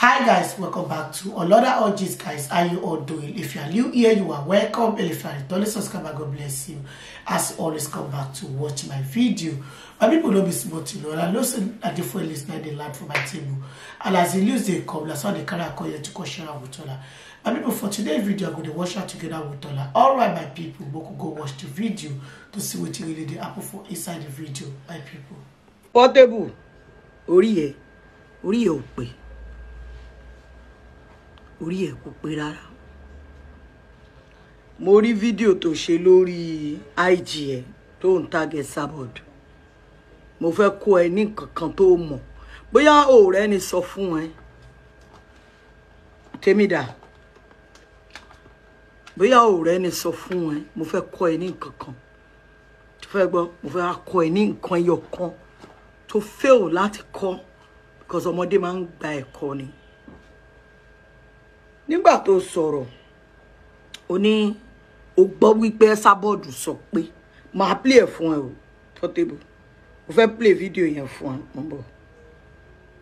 hi guys welcome back to another orgies guys how you all doing if you are new here you are welcome and if you are returning subscriber god bless you as always come back to watch my video my people no be small to know i know some na different listener they land for my table and as the lose dey come na so i dey carry am Call you to come share am with una my people for today's video I'm going to watch out together with una alright my people we could go watch the video to see wetin really did. happen for inside the video my people. portable orí ẹ orí ẹ ò pè orí ẹ̀ kò pé rárá mo rí fídíò tó ṣe lórí ig ẹ tó ń tagẹ sábọd mo fẹ́ kó ẹ ní kankan tó mọ̀ bóyá ọ̀rẹ́ ni sọ fún ẹ tèmídà bóyá ọ̀rẹ́ ni sọ fún ẹ mo fẹ́ kọ́ ẹ ní kankan tó fẹ́ gbọ́ mo fẹ́ kọ́ ẹ ní nǹkan ẹyọ kan tó fail láti kọ́ because ọmọdé máa ń gba ẹ̀kọ́ ni nígbà tó sọ̀rọ̀ ó ní ó gbọ́ wípé sábọ́ọ̀dù sọ pé máa play ẹ̀ fún ẹ o Portable mo fẹ́ play video yẹn fún ẹ mo bọ̀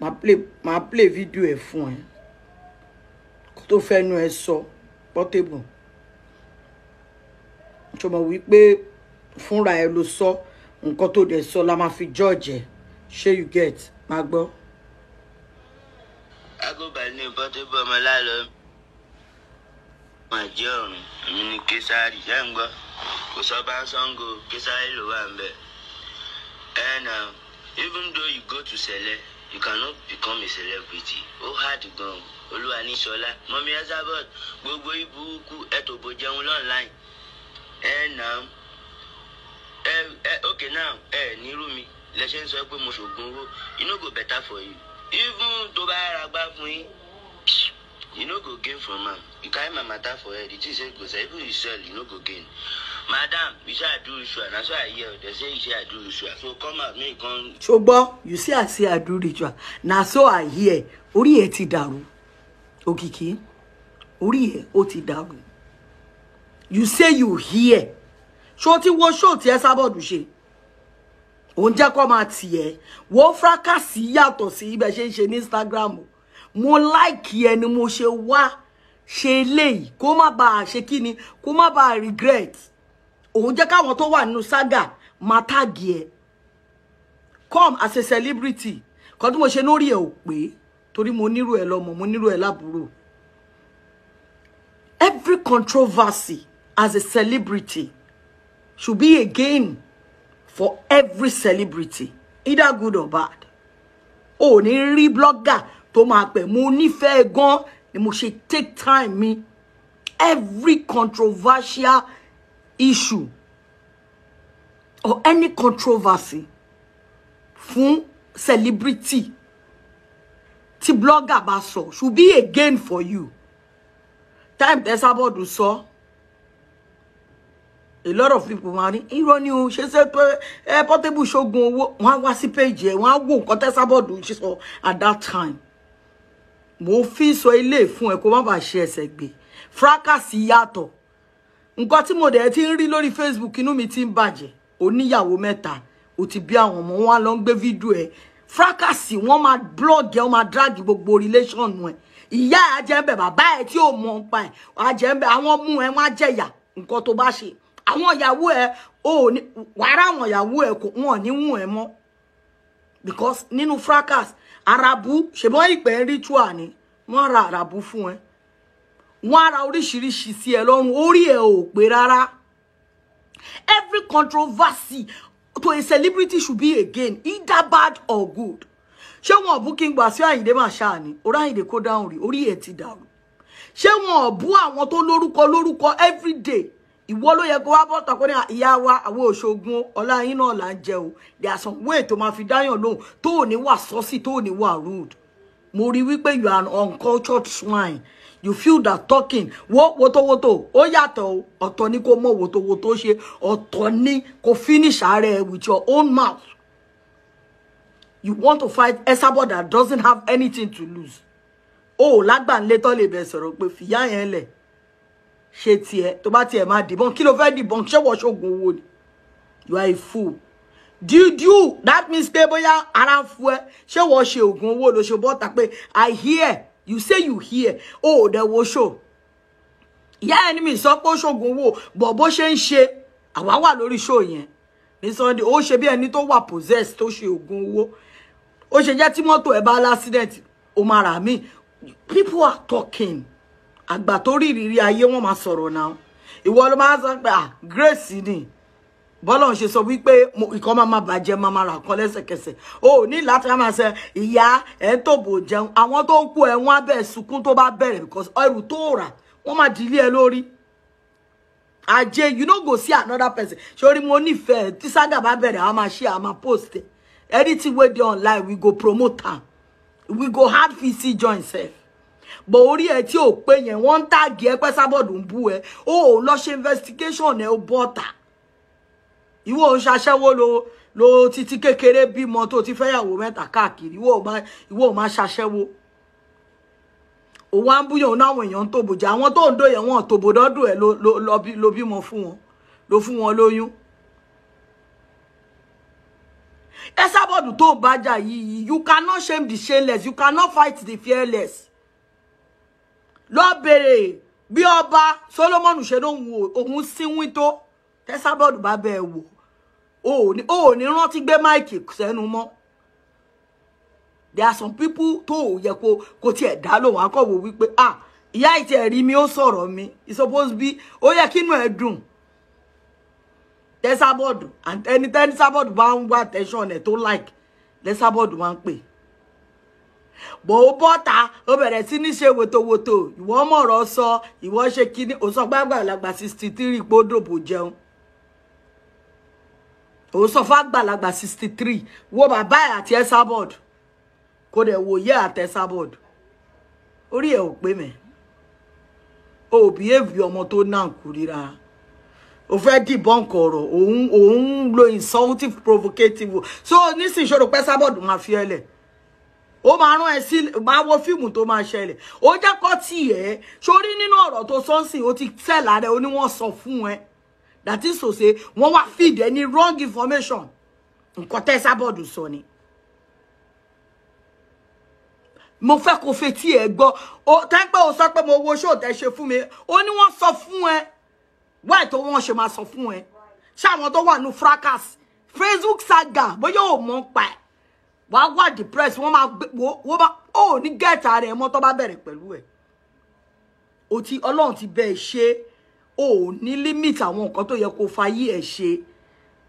máa play máa play video ẹ̀ fún ẹ kó tó fẹ́nu ẹ sọ Portable tó mọ̀ wípé fúnra ẹ ló sọ nǹkan tó dẹ̀ sọ la máa fi judge ẹ ṣé you get máa gbọ́. ago bani Portable máa jẹ́ ọ̀run èmi ni késàrì ṣẹ́ ń gbọ́ kò even though you go to sẹlẹ you cannot become a celebrity ó hard gan olúwa ní sọlá mọ́mí Elizabeth gbogbo ibùkún ẹ̀tọ́bọ̀ jẹun lọ́nláìn ẹ na ẹ ẹ ok now ẹ nírú mi lẹ ṣe ń sọ pé mo ṣògùn owó e no go better for you even tó bá ra gbá fún yín you no go gain from am you carry my matter for head you think say go sell even you sell you no go gain madam you say i do ritual na so i hear dem say you say i do ritual so come out make you come. ṣùgbọ́n you say i say i do ritual na so i hear orí ẹ ti dàrú òkìkí orí ẹ ó ti dàrú you say you hear ṣó tí wo ṣó tí ẹ sábọ̀dù ṣe òun jẹ́ kó máa tì ẹ́ wo fracas yàtọ̀ sí ibẹ̀ ṣe ń ṣe ní instagram o mo like ẹni mo ṣe wá ṣe eléyìí kó má bàa ṣe kíni kó má bàa regret òun jẹ́ káwọn tó wà nínú saga máa tàgì ẹ come as a celebrity kan tí mo ṣe lórí ẹ ò pé torí mo nírú ẹ lọ́mọ mo nírú ẹ lábúrò every controversy as a celebrity should be a gain for every celebrity either good or bad o ní rí blogger To máa pẹ́ mo nífẹ̀ẹ́ gan ni mo ṣe take time mi every controversial issue or any controversy fún celebrity tí blogger bá so, should be a gain for you time tẹ́sàbọ̀dù sọ. So, a lot of people máa ní irọ́ ni o ṣe ṣe pé ẹ eh, Portable ṣoògùn owó wọ́n á wá page. péjì ẹ̀ wọ́n á wò nǹkan tẹ́sábọ́ọ̀dù ṣe at that time mo fi sọ ilé fún ẹ kó má bàa ṣe ẹsẹ̀ gbé fracasi yàtọ̀ nǹkan tí mo dẹ̀ ti ń rí facebook inu mi ti ń bàjẹ́ oníyàwó mẹ́ta ò ti bí àwọn ọmọ wọn lọ ń gbé fídíò ẹ fracasi wọn máa blog ẹ wọn máa drag gbogbo relation ẹ ìyá ẹ ajẹ́ ń bẹ̀ bàbá ẹ tí ò mọ̀ ń pa ẹ ajẹ́ ń bẹ̀ àwọn ọmú ẹ wọn á jẹ̀yà nǹkan tó bá ṣe àwọn ìyàwó ẹ ò ní wàrà àwọn ìyàwó ẹ kò wọn ò because nínú fracas arabu ṣùgbọ́n ìpẹ́ ritual ni wọ́n ra arabu fun ẹ wọ́n ara oríṣiríṣi sí ẹ lọ́rùn orí ẹ ò pé rárá every controversy to a celebrity should be again either bad or good ṣé wọn ò bú kí n gbà sí àyìndé mà ṣáà ni orí àyìndé kó dáhùn rí orí ẹ ti dàrú ṣé wọn ò bú àwọn tó lórúkọ lórúkọ everyday ìwọ ló yẹ kó wá bọ́ tọ̀kọ́ ní ìyá wa àwọn òṣogun ọlá yín náà là ń jẹ o there are some way tó máa fi dáyàn lóhùn tó ò ní wà sọ́sì tó ò ní wà rude mo rí wípé you are an uncultured swine you feel that talking wo wotowoto ó yàtọ̀ o ọ̀tọ̀ ni kò mọ wotowoto ṣe ọ̀tọ̀ ni kò finish ààrẹ with your own mouth you want to fight esabod that doesn't have anything to lose o lágbàǹlé tó lè bẹ̀ sọ̀rọ̀ pé fìyà yẹn lẹ̀ ṣe tiẹ̀ tó bá tiẹ̀ máa dìbọn kí ló fẹ́ dìbọn ṣé wọ́n ṣoògùn owó ni you are a fool did that means pé bóyá ara ń fu ẹ ṣé wọ́n ṣe oògùn owó ló ṣe bọ́ta pé i hear you say you hear o ò dẹ̀ wo ṣò ìyá ẹni mi sọ pé ó ṣoògùn owó bọ̀ bó ṣe ń ṣe àwa wà lórí ṣò yẹn ní sunday ó ṣe bí ẹni tó wà possess tó ṣe oògùn owó ó ṣe jẹ́ tí mọ́tò ẹ̀ bá lásìdẹ̀tì ó máa rà mí people are talking àgbà tó rí ìrírí ayé wọn máa sọ̀rọ̀ náà ìwọ ló máa sọ ah grace ni bọ́lá ń ṣe sọ wípé ìkan máa máa bàjẹ́ máa máa rà kan lẹ́sẹ̀kẹsẹ̀ o ní láti máa ṣe ìyá ẹ̀ ń tòbò jẹun àwọn tó ń kú ẹ̀ wọ́n á bẹ̀ sunkún tó because ẹrù tó rà wọ́n máa dìlé ẹ lórí ajé you no go see another person sori mo nífẹ̀ẹ́ tí saga bá bẹ̀rẹ̀ àwọn máa ṣe àwọn post anything wey dey online we go promote am we go have vc join sef bọ̀ orí ẹ tí ò pé yẹn wọ́n ń tàgé ẹ pé sábọ̀dù ń bú ẹ ó ò lọ ṣe investigation ẹ ó bọ́ta ìwọ ò ń ṣaṣẹ́wó lo lo títí kékeré bímọ tó ti fẹ́yàwó mẹ́ta káàkiri ìwọ ò má ìwọ ò má ṣaṣẹ́wó òun á ń búyàn náà àwọn èèyàn ń tòbò jẹ àwọn tó ń dòyẹ lo, lo, dọ́dún lo, ló bímọ fún wọn lo, fún wọn lóyún Esabod tó bá jà yìí you cannot shame the shameless you cannot fight the fearless lọ bèrè bí ọba Solomon ṣe lóhun òun síwín tó tẹsábọọdù bá bẹ wò o ò ní rántí gbé máìkì sẹ́nu mọ́ there are some people tó ò yẹ kó kó tiẹ̀ dá lóhùn akọ̀wò wípé ah ìyá ìtì ẹ̀rí mi ó sọ̀rọ̀ mi it's supposed be ó yẹ kínú ẹ̀ dùn tẹsábọọdù ẹni tẹsábọọdù bá ń wá attention ẹ̀ tó like tẹsábọọdù máa ń pè bò ó bọ́ta ó bẹ̀rẹ̀ sí ní ṣe wòtòwòtò ìwọ mọ̀rọ̀ sọ ìwọ ṣe kíní ò sọ gbàgbà àgbàlagbà sixty three pé ó dòbò jẹun ò sọ fàgbàlagbà sixty three wo bàbá ẹ àti ẹsàbọd kò dẹ̀ wòye àti ẹsàbọd orí ẹ ò pé mẹ o ò bíhéèvì ọmọ tó náà kú ríra o fẹ́ dìbọn kọ̀rọ̀ òun lo insultive provocative so nísinsìnyí ṣòro pẹ́ sábọ̀dù máa fi ẹ ó máa rán ẹ sí máa wo fíìmù tó máa ṣẹlẹ̀ ó jẹ́ kọ́ tì ẹ́ sórí nínú to tó sọ́nsìn ó ti tẹ̀ lára ẹ ó ní wọ́n sọ that is to say wọ́n wá feed any wrong information nǹkan tẹ́ sábọ̀dù sọ ni. mo fẹ́ kó fetí ẹ gbọ́ ó tẹ́ńpẹ́ ó sọ pé mo wo ṣó tẹ́ ṣe fún mi ó ní wọ́n sọ fún ẹ wáì tó wọ́n ṣe máa sọ fún ẹ ṣáwọn tó wà ní fracas Facebook saga Boyo, ò pa ẹ̀ wàá wà depressed wọ́n máa gbé wọ́n bá ó ní gẹ́ẹ̀tà rẹ̀ mọ́ tó bá bẹ̀rẹ̀ pẹ̀lú ẹ̀ o ti ọlọ́run ti bẹ́ẹ̀ ṣe o ò ní limit àwọn nǹkan tó yẹ kó fayé ẹ̀ ṣe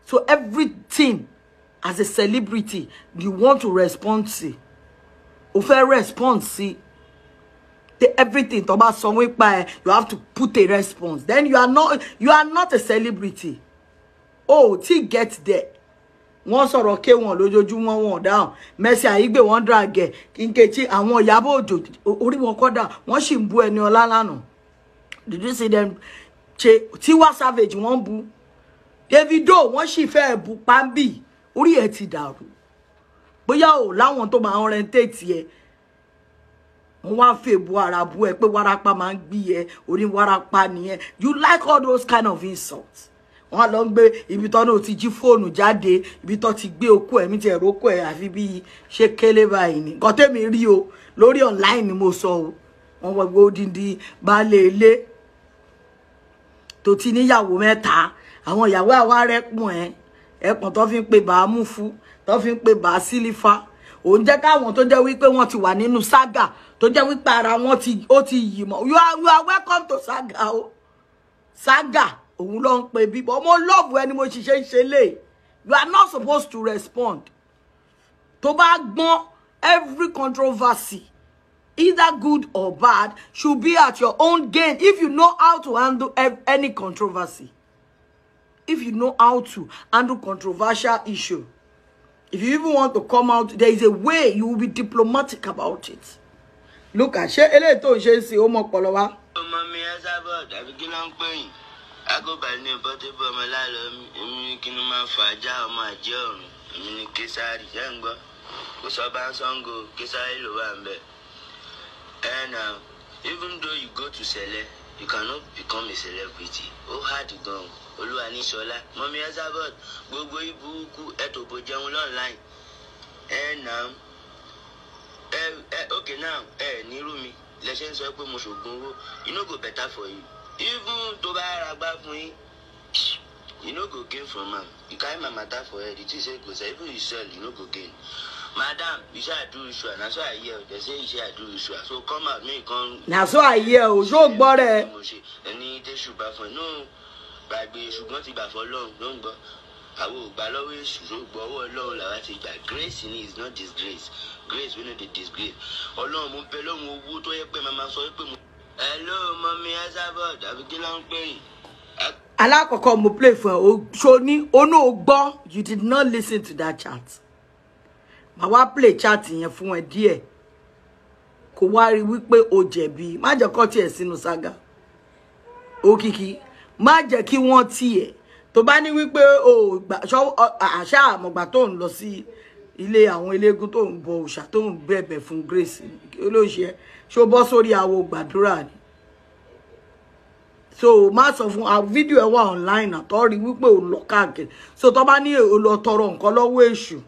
so everything as a celebrity you want to respond sí o fẹ́ respond sí the everything tó bá sọ wípa ẹ you have to put a response then you are not you are not a celebrity oh, ti get there wọ́n sọ̀rọ̀ ké wọn lójoojúmọ́ wọn dáhùn Mercy Aigbe wọ́n dragẹ̀ Nkechi àwọn Ìyábọ̀ Òjó orí wọn kọ́dà wọ́n sì ń bú ẹni ọlá lánàá did you see them ṣe Tiwa Savage wọ́n bu Davido wọ́n sì fẹ́ bu pambi orí ẹ̀ ti dàrú bóyá ò láwọn tó máa ń rẹ́ńtẹ́ẹ̀tì ẹ̀ wọ́n wá fèbú ara bu ẹ pé wárápá máa ń gbí ẹ orí wárápá nìyẹn you like all those kind of insults wọn á lọ ń gbé ibi tọ́ náà ti jí fóònù jáde ibi tọ́ ti gbé okú ẹ̀ mi ti ẹ̀rọ okú ẹ̀ àfi bí ṣé kélé báyìí ni nǹkan tẹ́mi rí o lórí online ni mo sọ o wọn wọ gbé odindi baálé ilé tó ti níyàwó mẹ́ta àwọn ìyàwó àwa rẹ́pọ̀n ẹ̀ ẹ̀pọ̀n tó fi ń pe bàá mú fún tó fi ń pe bàá sílífà òun jẹ́ káwọn tó jẹ́ wípé wọ́n ti wà nínú saga tó jẹ́ wípé ara wọn ti ó ti yìí mọ́ you are you are welcome to saga o saga òun ló ń pe bíbọ mo lọ́ọ̀bù ẹni mo ṣiṣẹ́ ń ṣe lè you are not supposed to respond tó bá gbọ́n every controversy either good or bad should be at your own gain if you know how to handle any controversy if you know how to handle controversial issue if you even want to come out there is a way you will be diplomatic about it look at ṣé eléyìí tó ń ṣe é sí ọmọ ọpọlọ wa. ọmọ mi ẹ sábà tàbí kí ló ń pè yín agóbàlì ní pọ́tébù ọmọ láàlọ́ èmi ní kí ni máa fà á já ọmọ àjẹ́ ọ̀run èmi ní késàrì ṣẹ́ ń gbọ́ kó sọ bá ń sango késàrì ló wà ń bẹ̀. ẹ even though you go to sẹlẹ you cannot become a celebrity ó hard gan olúwa ní sọlá mọ́mí elizabeth gbogbo ibùkún ẹ̀tọ́bọ̀ jẹun lọ́nláìn ẹ eh, ẹ ẹ eh, eh, okay now ẹ nírú mi lẹ ń sọ pé mo ṣògùn owó you no go better for even tó bá ra gbá fún yín you no go gain from am you carry my matter for head you think say go sell even you sell you no go gain madam you say i do ritual na so i hear o dey say you say i do ritual so come out make you come. na so i hear o ṣó gbọ́ rẹ̀. ẹni tẹ́sù bá fún ẹ náà gbàgbé ṣùgbọ́n ti gbà fọ́ lọ́hùn ló ń gbọ́ àwọn ògbà lọ́wọ́ èṣù ló gbọ́ ọwọ́ ọlọ́run làwọn ti gbà grace ni is not disgrace grace wey no dey disgrace ọlọ́run mo bẹ lọ́run owó tó yẹ pé màmá sọ pé mo hello mọ́mí Esabod àbí kí ló ń pè yín. alákọ̀ọ́kọ́ mo play fún ẹ o ṣo ní o o gbọ́ you did not listen to that chat màá wá play chat yẹn fún ẹ díẹ̀ kò wá rí wípé o jẹ̀bi má jẹ́ kọ́ tiẹ̀ sínú sága Òkìkí má jẹ́ kí wọ́n tiẹ̀ tó bá ní wípé o àṣà àmọ̀gbà tó ń lọ sí ilé àwọn eléégún tó ń bọ òòṣà tó ń bẹ̀bẹ̀ fún grace olóṣèlú ṣó bọ́ sórí àwo gbàdúrà ni so má sọ fún a fídíò ẹ wà online àtọ́ rí wípé ò lọ káàkiri so tó bá ní olọ tọrọ nǹkan lọ́wọ́ èṣù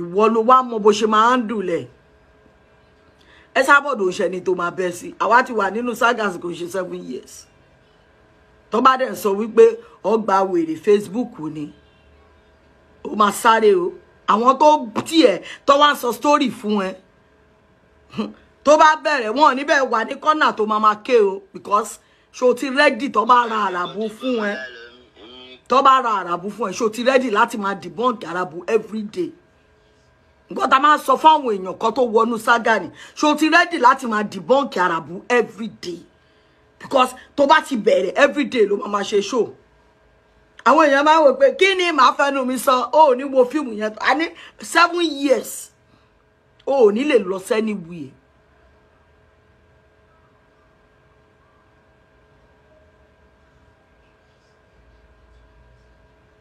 ìwọ ló wá mọ bó ṣe máa ń dùlẹ̀ ẹ sábọ̀dọ̀ òṣèlú tó máa bẹ́ sí àwa ti wà nínú sagas kò ṣe seven years tó bá dẹ̀ sọ wípé ọgbà wèrè Facebook ni O máa sáré o àwọn tó tiẹ̀ tó wá so story fún ẹ tó bá bẹ̀rẹ̀ wọn níbẹ̀ wà ní kọ́nà tó máa máa ké o because ṣo ti rẹ́dì tó bá ra àràbù fún ẹ tó bá ra àràbù fún ẹ ṣo ti rẹ́dì láti máa debunk àràbù everyday nǹkan tá a máa sọ fáwọn èèyàn kan tó wọnú sága ni ṣo ti rẹ́dì láti máa debunk àràbù everyday because tó bá ti bẹ̀rẹ̀ everyday ló máa máa ṣe show àwọn èèyàn máa wò pé kí ni màá fẹnu mi sọ ó ní wo fíìmù yẹn a ní seven years o ò ní lè lọ sẹ́ni wuyè.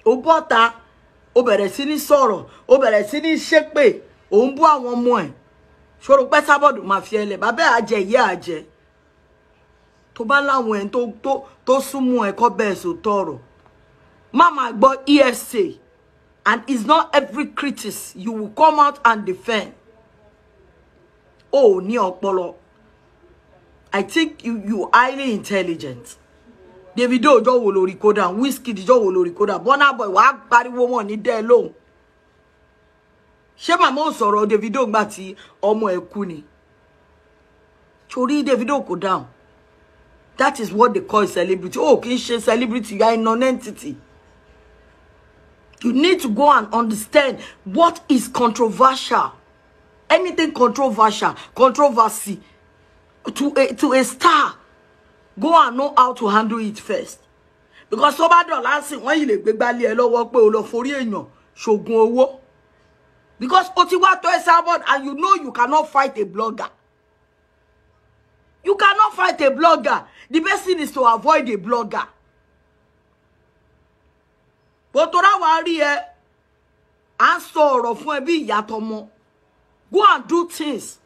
ó bọ́ta ó bẹ̀rẹ̀ sí ní sọ̀rọ̀ ó bẹ̀rẹ̀ sí ní ṣépè ó ń bú àwọn ọmọ ẹ̀ ṣòro pẹ́ sábọ̀dù máa fi ẹlẹ̀ bàbá àjẹ ìyá àjẹ tó bá láwọn ẹ̀ tó súnmọ́ ẹ̀ kọ́ bẹ́ẹ̀ sọ tọrọ má máa gbọ́ EFCA and it's not every critic you will come out and defend o ní ọpọlọ i think you you highly intelligent David Davido jọ wo lórí whiskey. Wizkid jọ wo lórí kódà bona Boy wàá pariwo mọ ní dẹ lóhùn ṣé màmá ò sọ̀rọ̀ Davido gbà tí ọmọ Omo kú ni David Davido kò dáhùn that is what they call celebrity Oh, kì í celebrity you are a non-entity you need to go and understand what is controversial anything controversial, controversy to a, to a star, go and know how to handle it first. Because somebody bá dọ̀la sí you yìí lè gbé gbálẹ̀ ẹ lọ́wọ́ pé o lọ forí èèyàn ṣògùn owó. Because o ti wá tó ẹ sábọ̀d and you know you cannot fight a blogger. You cannot fight a blogger. The best thing is to avoid a blogger. Bó tó ra wá rí ẹ, à ń sọ ọ̀rọ̀ go and do things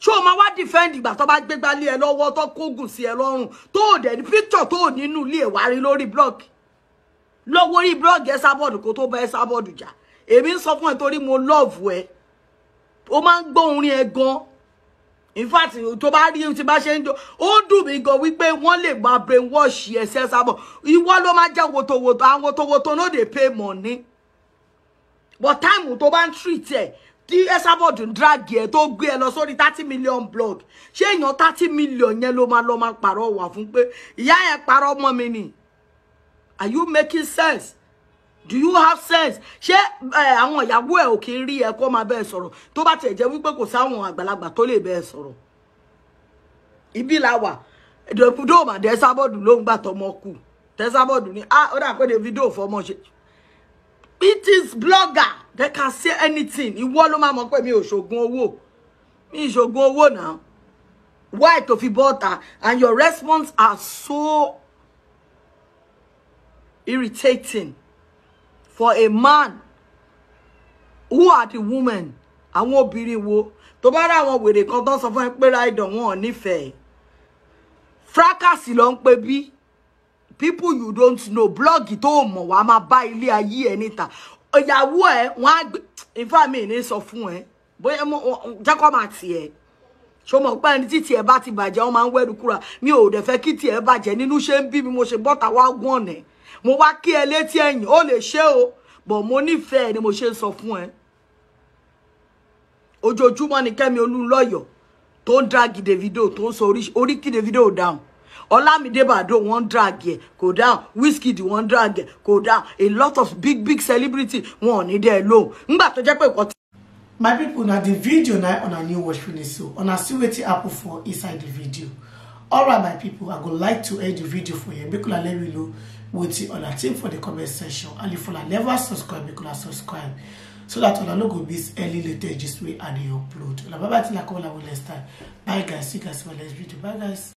ṣé o máa wá defend ìgbà tó bá gbégbá lé ẹ lọ́wọ́ tó kógùn sí ẹ lọ́rùn tó o picture tó ninu li ilé ìwárí lórí blog lọ́wọ́ orí blog ẹ sábọ̀dù kó tó bá ẹ sábọ̀dù jà èmi ń sọ fún ẹ mo love ẹ o máa ń gbọ́ orin ẹ gan in fact tó bá rí ti bá ṣe ń do ó dùn mí gan wípé wọ́n lè máa brainwash ẹsẹ̀ sábọ̀ ìwọ ló máa jẹ́ wotowoto àwọn wotowoto no dey pay money but time tó bá treat ẹ tí Esabod ń dragi ẹ tó gbé ẹ lọ sórí thirty million blog ṣé èèyàn thirty million yẹn ló máa lọ máa pààrọ̀ wà fún pé ìyá yẹn parọ́ mọ́ mi ni are you making sense do you have sense ṣé àwọn ìyàwó ẹ ò kì í rí ẹ kó máa bẹ́ẹ̀ sọ̀rọ̀ tó bá tiẹ̀ jẹ́ wípé kò sáwọn àgbàlagbà tó lè bẹ́ẹ̀ sọ̀rọ̀ ibi la wà Davido mà Esabod ló ń gbà tọmọ kù Esabod ni ah ó dà video Davido fọmọ ṣe it is blogger they can say anything ìwọ ló máa mọ̀ pé mi ò ṣògùn owó mi ṣògùn owó náà why tó fi butter and your response are so irritating for a man who are the women àwọn obìnrin wo tó bá ra àwọn wèrè kan tó sọ fún ẹ pé ráìdọ̀ wọn ò nífẹ̀ẹ́ fracasi ló ń people you don't know blọ́ọ̀gì tó mọ̀ wá máa bá ilé ayé ẹ níta ìyàwó ẹ wọn á me ìfá mi ní sọ fún ẹ bóyá jẹ́ kó máa tiẹ̀ ṣo mọ̀ pé ẹni tí tiẹ̀ bá ti bàjẹ́ wọn máa ń wẹ́rù mi o dẹ̀ fẹ́ kí tiẹ̀ bàjẹ́ nínú ṣe ń mi mo ṣe bọ́ta wá gbọ́n ẹ̀ mo wa kí ẹ létí ẹ̀yìn ó lè ṣe o bọ̀ mo nífẹ̀ẹ́ ni mo ṣe ń sọ fún ẹ ojoojúmọ́ ni Kẹ́mi Olúnlọ́yọ̀ tó ń dragi Davido tó ori ki de video down Olamide Baddo wọ́n drag ẹ̀ kò down Wizkid wọ́n drag ẹ̀ kò down a lot of big big celebrity wọn ò ní dẹ́ lóhùn nígbà tó jẹ́ my people, now the video now on una new watch finish so una see wetin happen for inside the video alright my people, i would like to end the video for you. make una let me know wetin una team for the comment section and if una never subscribe make una subscribe so that una no go miss any latest just way i upload una bye bye till i come una next time bye guys see you guys for next video bye guys.